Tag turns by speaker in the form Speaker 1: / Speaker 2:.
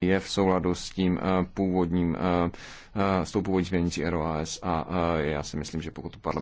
Speaker 1: je v souladu s tím eh, původním, eh, eh, s tou původní směrnicí ROAS a já si myslím, že pokud to parlament